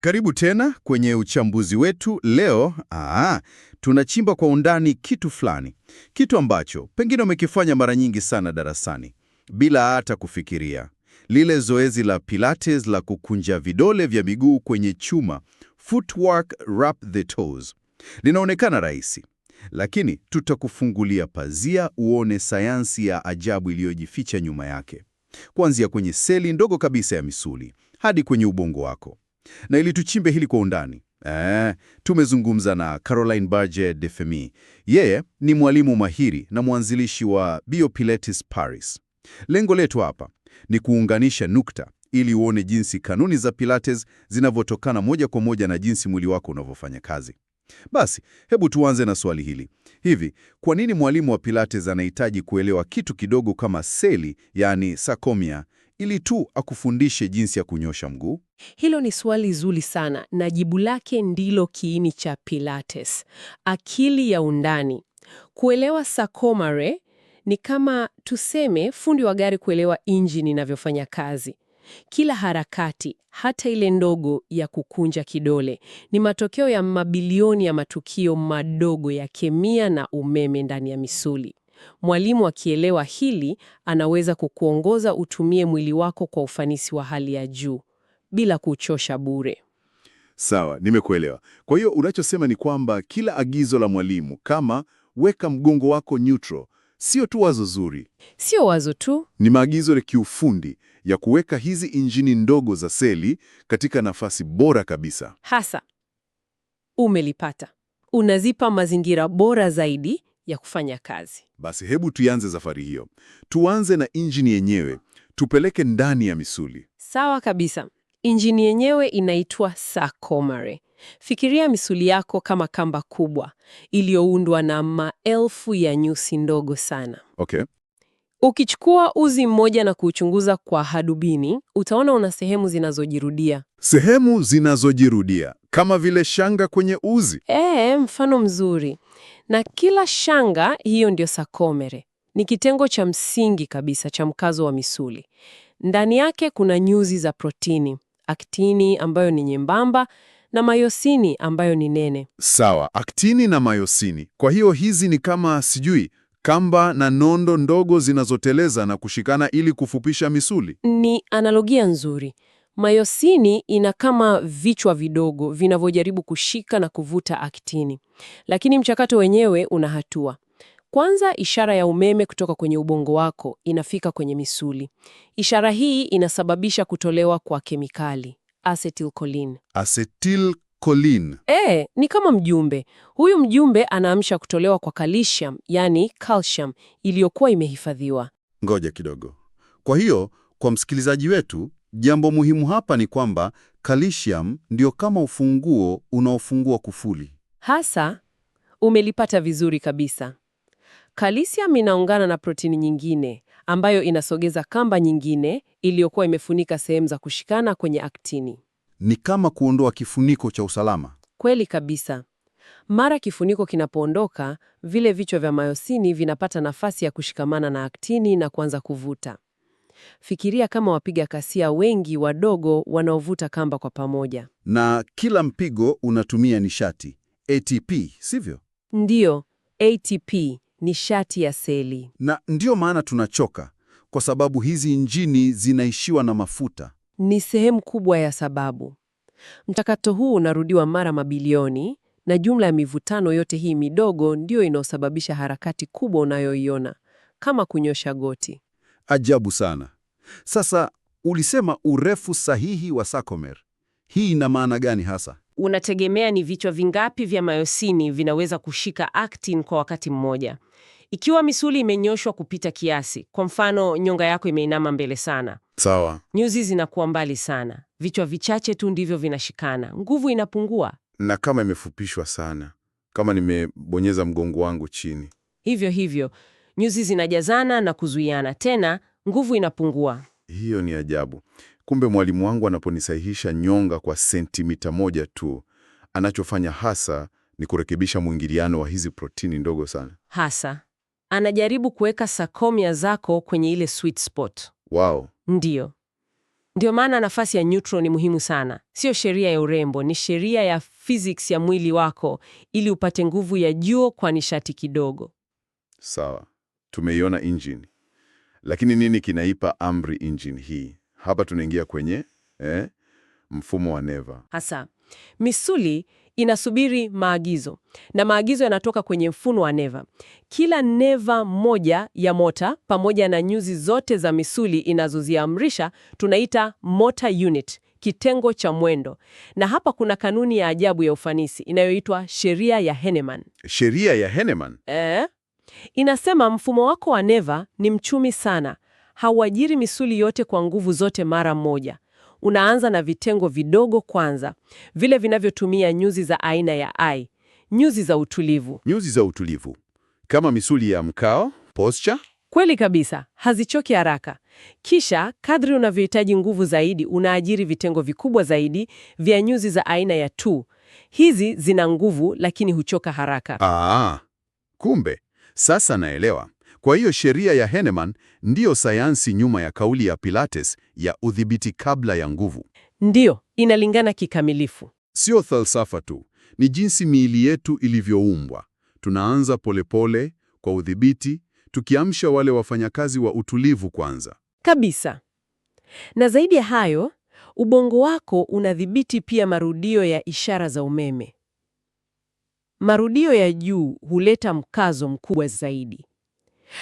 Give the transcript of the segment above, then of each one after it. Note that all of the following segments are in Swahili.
Karibu tena kwenye uchambuzi wetu leo. Aa, tunachimba kwa undani kitu fulani, kitu ambacho pengine umekifanya mara nyingi sana darasani bila hata kufikiria, lile zoezi la Pilates la kukunja vidole vya miguu kwenye chuma, footwork wrap the toes. Linaonekana rahisi, lakini tutakufungulia pazia uone sayansi ya ajabu iliyojificha nyuma yake, kuanzia kwenye seli ndogo kabisa ya misuli hadi kwenye ubongo wako na ili tuchimbe hili kwa undani Eh, tumezungumza na Caroline barge de Femi. Yeye ni mwalimu mahiri na mwanzilishi wa Biopilates Paris. Lengo letu hapa ni kuunganisha nukta ili uone jinsi kanuni za Pilates zinavyotokana moja kwa moja na jinsi mwili wako unavyofanya kazi. Basi, hebu tuanze na swali hili. Hivi, kwa nini mwalimu wa Pilates anahitaji kuelewa kitu kidogo kama seli, yaani sarcomere, ili tu akufundishe jinsi ya kunyosha mguu? Hilo ni swali zuri sana, na jibu lake ndilo kiini cha Pilates, akili ya undani. Kuelewa sarcomere ni kama tuseme fundi wa gari kuelewa injini inavyofanya kazi. Kila harakati, hata ile ndogo ya kukunja kidole, ni matokeo ya mabilioni ya matukio madogo ya kemia na umeme ndani ya misuli. Mwalimu akielewa hili, anaweza kukuongoza utumie mwili wako kwa ufanisi wa hali ya juu bila kuchosha bure. Sawa, nimekuelewa. Kwa hiyo unachosema ni kwamba kila agizo la mwalimu kama weka mgongo wako neutral, sio tu wazo zuri, sio wazo tu, ni maagizo ya kiufundi ya kuweka hizi injini ndogo za seli katika nafasi bora kabisa. Hasa umelipata, unazipa mazingira bora zaidi ya kufanya kazi. Basi hebu tuianze safari hiyo, tuanze na injini yenyewe, tupeleke ndani ya misuli. Sawa kabisa. Injini yenyewe inaitwa sarcomere. Fikiria misuli yako kama kamba kubwa iliyoundwa na maelfu ya nyusi ndogo sana. Okay. Ukichukua uzi mmoja na kuuchunguza kwa hadubini, utaona una sehemu zinazojirudia. Sehemu zinazojirudia kama vile shanga kwenye uzi. E, mfano mzuri na kila shanga hiyo ndio sarcomere. Ni kitengo cha msingi kabisa cha mkazo wa misuli. Ndani yake kuna nyuzi za protini, aktini ambayo ni nyembamba na mayosini ambayo ni nene. Sawa, aktini na mayosini. Kwa hiyo hizi ni kama sijui kamba na nondo ndogo zinazoteleza na kushikana ili kufupisha misuli. Ni analogia nzuri. Mayosini ina kama vichwa vidogo vinavyojaribu kushika na kuvuta aktini, lakini mchakato wenyewe una hatua. Kwanza, ishara ya umeme kutoka kwenye ubongo wako inafika kwenye misuli. Ishara hii inasababisha kutolewa kwa kemikali acetylcholine. Acetylcholine. E, ni kama mjumbe. Huyu mjumbe anaamsha kutolewa kwa calcium, yani calcium iliyokuwa imehifadhiwa. Ngoja kidogo. Kwa hiyo, kwa msikilizaji wetu Jambo muhimu hapa ni kwamba kalsiamu ndio kama ufunguo unaofungua kufuli. Hasa umelipata vizuri kabisa. Kalsiamu inaungana na protini nyingine ambayo inasogeza kamba nyingine iliyokuwa imefunika sehemu za kushikana kwenye aktini. Ni kama kuondoa kifuniko cha usalama. Kweli kabisa. Mara kifuniko kinapoondoka, vile vichwa vya mayosini vinapata nafasi ya kushikamana na aktini na kuanza kuvuta. Fikiria kama wapiga kasia wengi wadogo wanaovuta kamba kwa pamoja, na kila mpigo unatumia nishati ATP, sivyo? Ndiyo, ATP nishati ya seli, na ndiyo maana tunachoka, kwa sababu hizi injini zinaishiwa na mafuta. Ni sehemu kubwa ya sababu. Mchakato huu unarudiwa mara mabilioni, na jumla ya mivutano yote hii midogo ndiyo inayosababisha harakati kubwa unayoiona, kama kunyosha goti. Ajabu sana. Sasa ulisema urefu sahihi wa sarcomere. Hii ina maana gani hasa? Unategemea ni vichwa vingapi vya mayosini vinaweza kushika actin kwa wakati mmoja. Ikiwa misuli imenyoshwa kupita kiasi, kwa mfano nyonga yako imeinama mbele sana, sawa, nyuzi zinakuwa mbali sana, vichwa vichache tu ndivyo vinashikana, nguvu inapungua. Na kama imefupishwa sana, kama nimebonyeza mgongo wangu chini, hivyo hivyo nyuzi zinajazana na kuzuiana tena, nguvu inapungua. Hiyo ni ajabu. Kumbe mwalimu wangu anaponisahihisha nyonga kwa sentimita moja tu, anachofanya hasa ni kurekebisha mwingiliano wa hizi protini ndogo sana. Hasa anajaribu kuweka sarcomere zako kwenye ile sweet spot. Wow. Ndiyo, ndio maana nafasi ya neutral ni muhimu sana. Sio sheria ya urembo, ni sheria ya physics ya mwili wako, ili upate nguvu ya juo kwa nishati kidogo. Sawa. Tumeiona engine. Lakini nini kinaipa amri engine hii? Hapa tunaingia kwenye eh, mfumo wa neva. Hasa misuli inasubiri maagizo na maagizo yanatoka kwenye mfumo wa neva. Kila neva moja ya mota pamoja na nyuzi zote za misuli inazoziamrisha tunaita motor unit, kitengo cha mwendo. Na hapa kuna kanuni ya ajabu ya ufanisi inayoitwa sheria ya Henneman. Sheria ya Henneman? Eh? Inasema mfumo wako wa neva ni mchumi sana, hauajiri misuli yote kwa nguvu zote mara moja. Unaanza na vitengo vidogo kwanza, vile vinavyotumia nyuzi za aina ya ai, nyuzi za utulivu. Nyuzi za utulivu kama misuli ya mkao posture. Kweli kabisa, hazichoki haraka. Kisha kadri unavyohitaji nguvu zaidi, unaajiri vitengo vikubwa zaidi vya nyuzi za aina ya tu. Hizi zina nguvu lakini huchoka haraka. Aa, kumbe sasa naelewa. Kwa hiyo sheria ya heneman ndiyo sayansi nyuma ya kauli ya Pilates ya udhibiti kabla ya nguvu. Ndiyo, inalingana kikamilifu. Sio falsafa tu, ni jinsi miili yetu ilivyoumbwa. Tunaanza polepole pole, kwa udhibiti, tukiamsha wale wafanyakazi wa utulivu kwanza kabisa. Na zaidi ya hayo, ubongo wako unadhibiti pia marudio ya ishara za umeme. Marudio ya juu huleta mkazo mkubwa zaidi,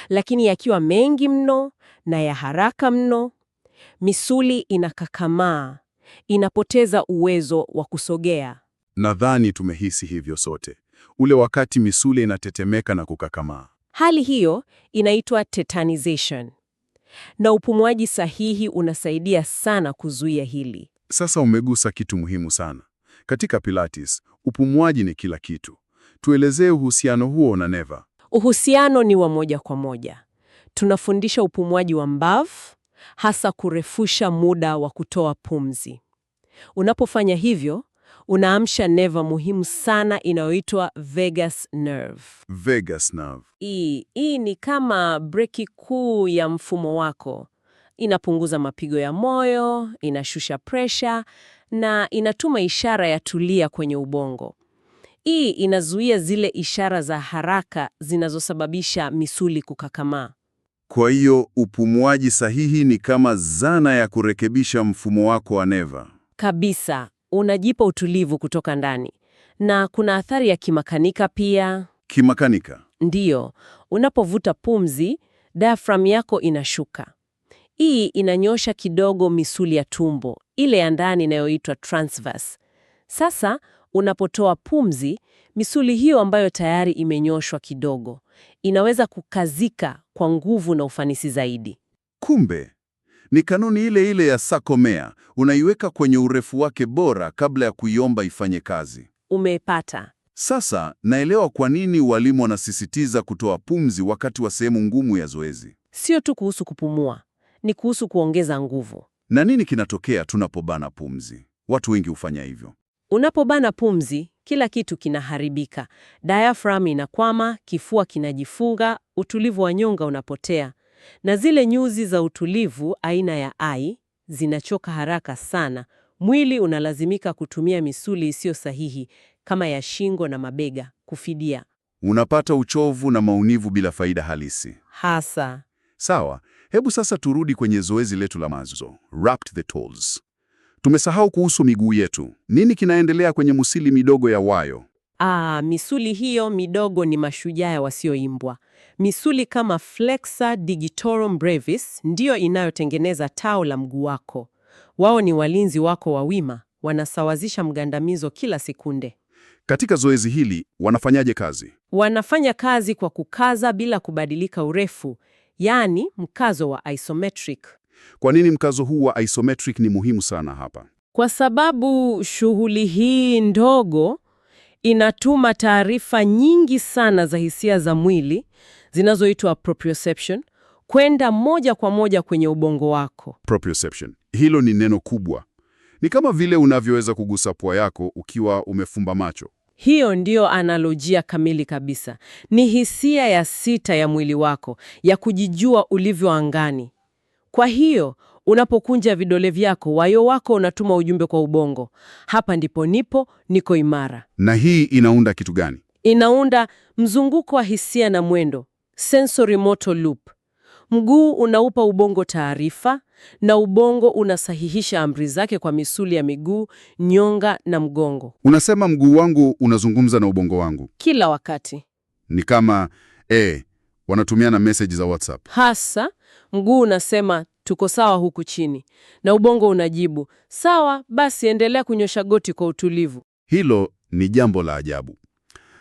lakini yakiwa mengi mno na ya haraka mno, misuli inakakamaa, inapoteza uwezo wa kusogea. Nadhani tumehisi hivyo sote, ule wakati misuli inatetemeka na kukakamaa. Hali hiyo inaitwa tetanization, na upumuaji sahihi unasaidia sana kuzuia hili. Sasa umegusa kitu muhimu sana. Katika Pilates, upumuaji ni kila kitu. Tuelezee uhusiano huo na neva. Uhusiano ni wa moja kwa moja. Tunafundisha upumuaji wa mbavu, hasa kurefusha muda wa kutoa pumzi. Unapofanya hivyo, unaamsha neva muhimu sana inayoitwa vagus nerve. Vagus nerve. Hii ni kama breki kuu ya mfumo wako. Inapunguza mapigo ya moyo, inashusha presha na inatuma ishara ya tulia kwenye ubongo. Hii inazuia zile ishara za haraka zinazosababisha misuli kukakamaa. Kwa hiyo upumuaji sahihi ni kama zana ya kurekebisha mfumo wako wa neva kabisa. Unajipa utulivu kutoka ndani, na kuna athari ya kimakanika pia. Kimakanika ndiyo, unapovuta pumzi, diaphragm yako inashuka. Hii inanyosha kidogo misuli ya tumbo, ile ya ndani inayoitwa transverse. Sasa Unapotoa pumzi, misuli hiyo ambayo tayari imenyoshwa kidogo inaweza kukazika kwa nguvu na ufanisi zaidi. Kumbe ni kanuni ile ile ya sakomea unaiweka kwenye urefu wake bora kabla ya kuiomba ifanye kazi. umepata Sasa naelewa kwa nini walimu wanasisitiza kutoa pumzi wakati wa sehemu ngumu ya zoezi. Sio tu kuhusu kupumua, ni kuhusu kuongeza nguvu. Na nini kinatokea tunapobana pumzi? Watu wengi hufanya hivyo. Unapobana pumzi, kila kitu kinaharibika. Diaphragm inakwama, kifua kinajifunga, utulivu wa nyonga unapotea, na zile nyuzi za utulivu aina ya ai zinachoka haraka sana. Mwili unalazimika kutumia misuli isiyo sahihi kama ya shingo na mabega kufidia. Unapata uchovu na maumivu bila faida halisi hasa. Sawa, hebu sasa turudi kwenye zoezi letu la mazo, wrapped the tolls. Tumesahau kuhusu miguu yetu. Nini kinaendelea kwenye misuli midogo ya wayo? Aa, ah, misuli hiyo midogo ni mashujaa wasioimbwa. Misuli kama flexor digitorum brevis ndiyo inayotengeneza tao la mguu wako. Wao ni walinzi wako wa wima, wanasawazisha mgandamizo kila sekunde. Katika zoezi hili wanafanyaje kazi? Wanafanya kazi kwa kukaza bila kubadilika urefu, yaani mkazo wa isometric. Kwa nini mkazo huu wa isometric ni muhimu sana hapa? Kwa sababu shughuli hii ndogo inatuma taarifa nyingi sana za hisia za mwili zinazoitwa proprioception kwenda moja kwa moja kwenye ubongo wako. Proprioception, hilo ni neno kubwa. Ni kama vile unavyoweza kugusa pua yako ukiwa umefumba macho. Hiyo ndiyo analojia kamili kabisa. Ni hisia ya sita ya mwili wako ya kujijua ulivyo angani. Kwa hiyo unapokunja vidole vyako, wayo wako unatuma ujumbe kwa ubongo, hapa ndipo nipo, niko imara. Na hii inaunda kitu gani? Inaunda mzunguko wa hisia na mwendo, sensory motor loop. Mguu unaupa ubongo taarifa na ubongo unasahihisha amri zake kwa misuli ya miguu, nyonga na mgongo. Unasema mguu wangu unazungumza na ubongo wangu kila wakati. Ni kama eh, Wanatumiana message za WhatsApp. Hasa mguu unasema tuko sawa huku chini, na ubongo unajibu sawa, basi endelea kunyosha goti kwa utulivu. Hilo ni jambo la ajabu.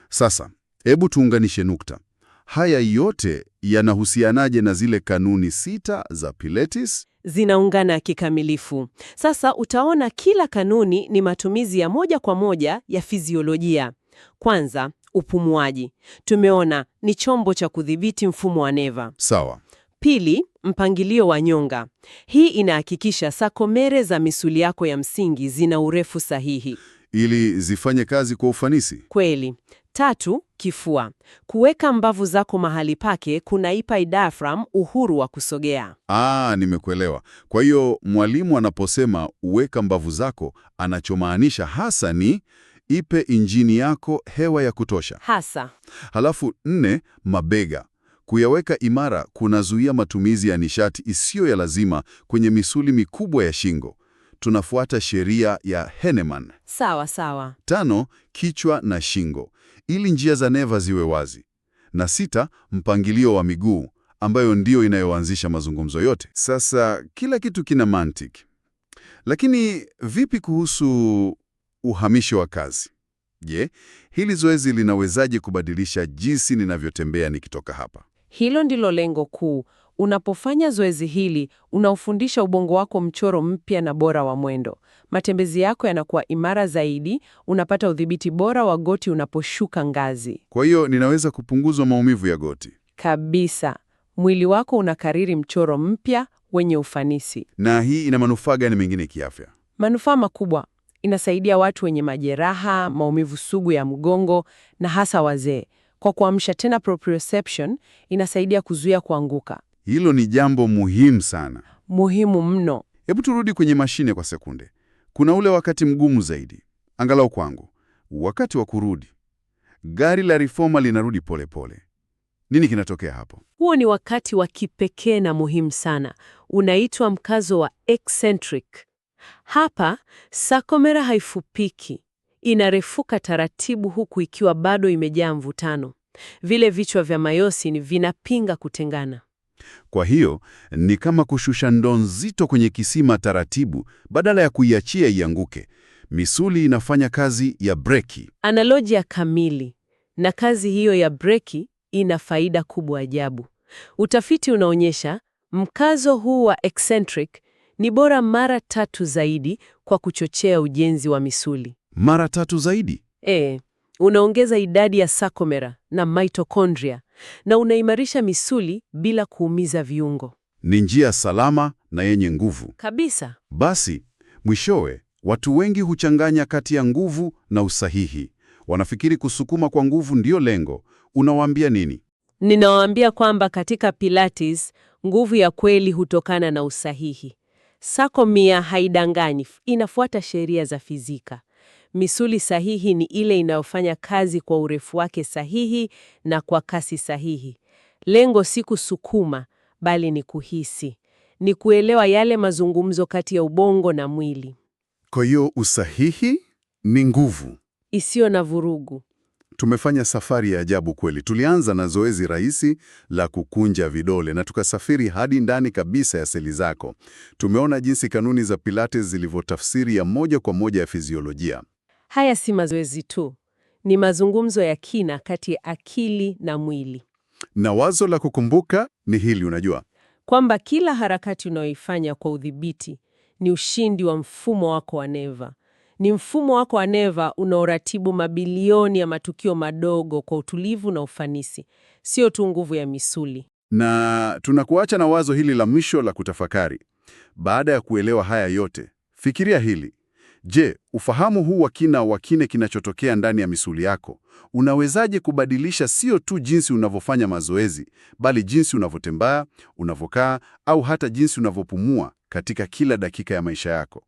Sasa hebu tuunganishe nukta. Haya yote yanahusianaje na zile kanuni sita za Pilates? Zinaungana kikamilifu. Sasa utaona kila kanuni ni matumizi ya moja kwa moja ya fiziolojia. Kwanza, upumuaji. Tumeona ni chombo cha kudhibiti mfumo wa neva. Sawa. Pili, mpangilio wa nyonga. Hii inahakikisha sakomere za misuli yako ya msingi zina urefu sahihi ili zifanye kazi kwa ufanisi. Kweli. Tatu, kifua. Kuweka mbavu zako mahali pake kunaipa diaphragm uhuru wa kusogea. Ah, nimekuelewa. Kwa hiyo mwalimu anaposema uweka mbavu zako, anachomaanisha hasa ni ipe injini yako hewa ya kutosha hasa. Halafu nne, mabega kuyaweka imara kunazuia matumizi ya nishati isiyo ya lazima kwenye misuli mikubwa ya shingo. Tunafuata sheria ya Henneman. Sawa sawa. Tano, kichwa na shingo ili njia za neva ziwe wazi, na sita, mpangilio wa miguu ambayo ndiyo inayoanzisha mazungumzo yote. Sasa kila kitu kina mantiki, lakini vipi kuhusu uhamisho wa kazi. Je, hili zoezi linawezaje kubadilisha jinsi ninavyotembea nikitoka hapa? Hilo ndilo lengo kuu. Unapofanya zoezi hili, unaufundisha ubongo wako mchoro mpya na bora wa mwendo. Matembezi yako yanakuwa imara zaidi, unapata udhibiti bora wa goti unaposhuka ngazi. Kwa hiyo ninaweza kupunguza maumivu ya goti kabisa. Mwili wako unakariri mchoro mpya wenye ufanisi. Na hii ina manufaa gani mengine kiafya? Manufaa makubwa inasaidia watu wenye majeraha, maumivu sugu ya mgongo na hasa wazee. Kwa kuamsha tena proprioception, inasaidia kuzuia kuanguka. Hilo ni jambo muhimu sana, muhimu mno. Hebu turudi kwenye mashine kwa sekunde. Kuna ule wakati mgumu zaidi, angalau kwangu, wakati wa kurudi. Gari la reforma linarudi polepole pole. Nini kinatokea hapo? Huo ni wakati wa kipekee na muhimu sana, unaitwa mkazo wa eccentric. Hapa Sakomera haifupiki, inarefuka taratibu, huku ikiwa bado imejaa mvutano. Vile vichwa vya Mayosin vinapinga kutengana. Kwa hiyo ni kama kushusha ndoo nzito kwenye kisima taratibu, badala ya kuiachia ianguke. Misuli inafanya kazi ya breki. Analojia kamili. Na kazi hiyo ya breki ina faida kubwa ajabu. Utafiti unaonyesha mkazo huu wa eccentric ni bora mara tatu zaidi kwa kuchochea ujenzi wa misuli. Mara tatu zaidi? E, unaongeza idadi ya sarcomera na mitochondria na unaimarisha misuli bila kuumiza viungo. Ni njia salama na yenye nguvu kabisa. Basi mwishowe, watu wengi huchanganya kati ya nguvu na usahihi. Wanafikiri kusukuma kwa nguvu ndiyo lengo. Unawaambia nini? Ninawaambia kwamba katika Pilates, nguvu ya kweli hutokana na usahihi. Sako mia haidanganyi, inafuata sheria za fizika. Misuli sahihi ni ile inayofanya kazi kwa urefu wake sahihi na kwa kasi sahihi. Lengo si kusukuma, bali ni kuhisi, ni kuelewa yale mazungumzo kati ya ubongo na mwili. Kwa hiyo usahihi ni nguvu isiyo na vurugu. Tumefanya safari ya ajabu kweli. Tulianza na zoezi rahisi la kukunja vidole na tukasafiri hadi ndani kabisa ya seli zako. Tumeona jinsi kanuni za Pilates zilivyotafsiri ya moja kwa moja ya fiziolojia. Haya si mazoezi tu, ni mazungumzo ya kina kati ya akili na mwili. Na wazo la kukumbuka ni hili, unajua kwamba kila harakati unayoifanya kwa udhibiti ni ushindi wa mfumo wako wa neva ni mfumo wako wa neva unaoratibu mabilioni ya matukio madogo kwa utulivu na ufanisi, sio tu nguvu ya misuli. Na tunakuacha na wazo hili la mwisho la kutafakari. Baada ya kuelewa haya yote, fikiria hili. Je, ufahamu huu wa kina wa kine kinachotokea ndani ya misuli yako unawezaje kubadilisha sio tu jinsi unavyofanya mazoezi, bali jinsi unavyotembea, unavyokaa au hata jinsi unavyopumua katika kila dakika ya maisha yako?